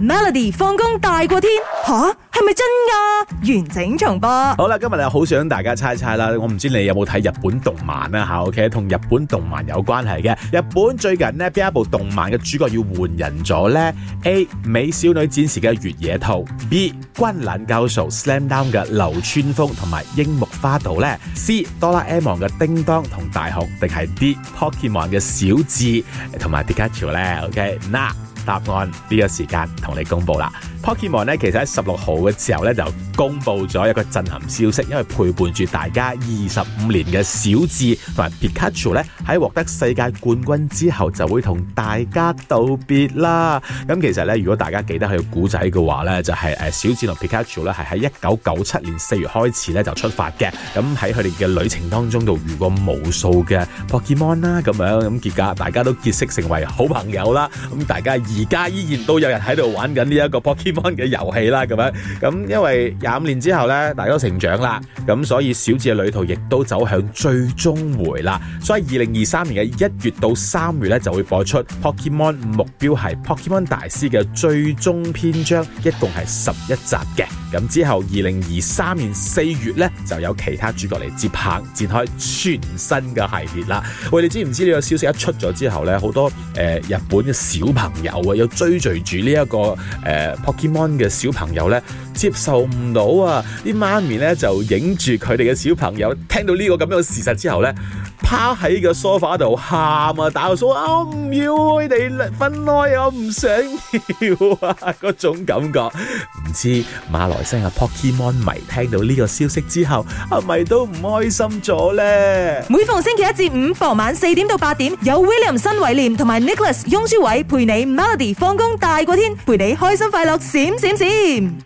Melody 放工大過天吓，係咪真噶？完整重播。好啦，今日咧好想大家猜猜啦，我唔知你有冇睇日本動漫啦吓，OK 同日本動漫有關係嘅。日本最近咧邊一部動漫嘅主角要換人咗咧？A 美少女戰士嘅月野兔，B 灌籃高手 slam down 嘅流川楓同埋櫻木花道咧，C 哆啦 A 夢嘅叮當同大雄，定係 D Pokemon 嘅小智同埋迪迦潮咧？OK，嗱。答案呢、這個時間同你公布啦。Pokemon 呢，其實喺十六號嘅時候呢，就公布咗一個震撼消息，因為陪伴住大家二十五年嘅小智同埋皮卡丘呢，喺獲得世界冠軍之後就會同大家道別啦。咁其實呢，如果大家記得佢嘅故仔嘅話、就係、呢，就係誒小智同皮卡丘呢，係喺一九九七年四月開始呢就出發嘅。咁喺佢哋嘅旅程當中度遇過無數嘅 Pokemon 啦，咁樣咁結果，大家都結識成為好朋友啦。咁大家而家依然都有人喺度玩緊呢一個 Pokemon 嘅遊戲啦，咁樣咁，因為廿五年之後呢，大家都成長啦，咁所以小智嘅旅途亦都走向最終回啦。所以二零二三年嘅一月到三月呢，就會播出 Pokemon，目標係 Pokemon 大師嘅最終篇章，一共係十一集嘅。咁之後，二零二三年四月呢，就有其他主角嚟接棒，展開全新嘅系列啦。我哋知唔知呢個消息一出咗之後呢，好多誒、呃、日本嘅小朋友啊，有追隨住呢一個誒 Pokemon 嘅小朋友呢。接受唔到啊！啲媽咪咧就影住佢哋嘅小朋友，聽到呢個咁樣嘅事實之後咧，趴喺個 sofa 度喊啊！大嫂，我唔要你分開，我唔想要啊！嗰種感覺，唔知馬來西亞 Pokemon 迷聽到呢個消息之後，係咪都唔開心咗咧？每逢星期一至五傍晚四點到八點，有 William 新偉廉同埋 Nicholas 翁書偉陪你 Melody 放工大過天，陪你開心快樂閃閃閃。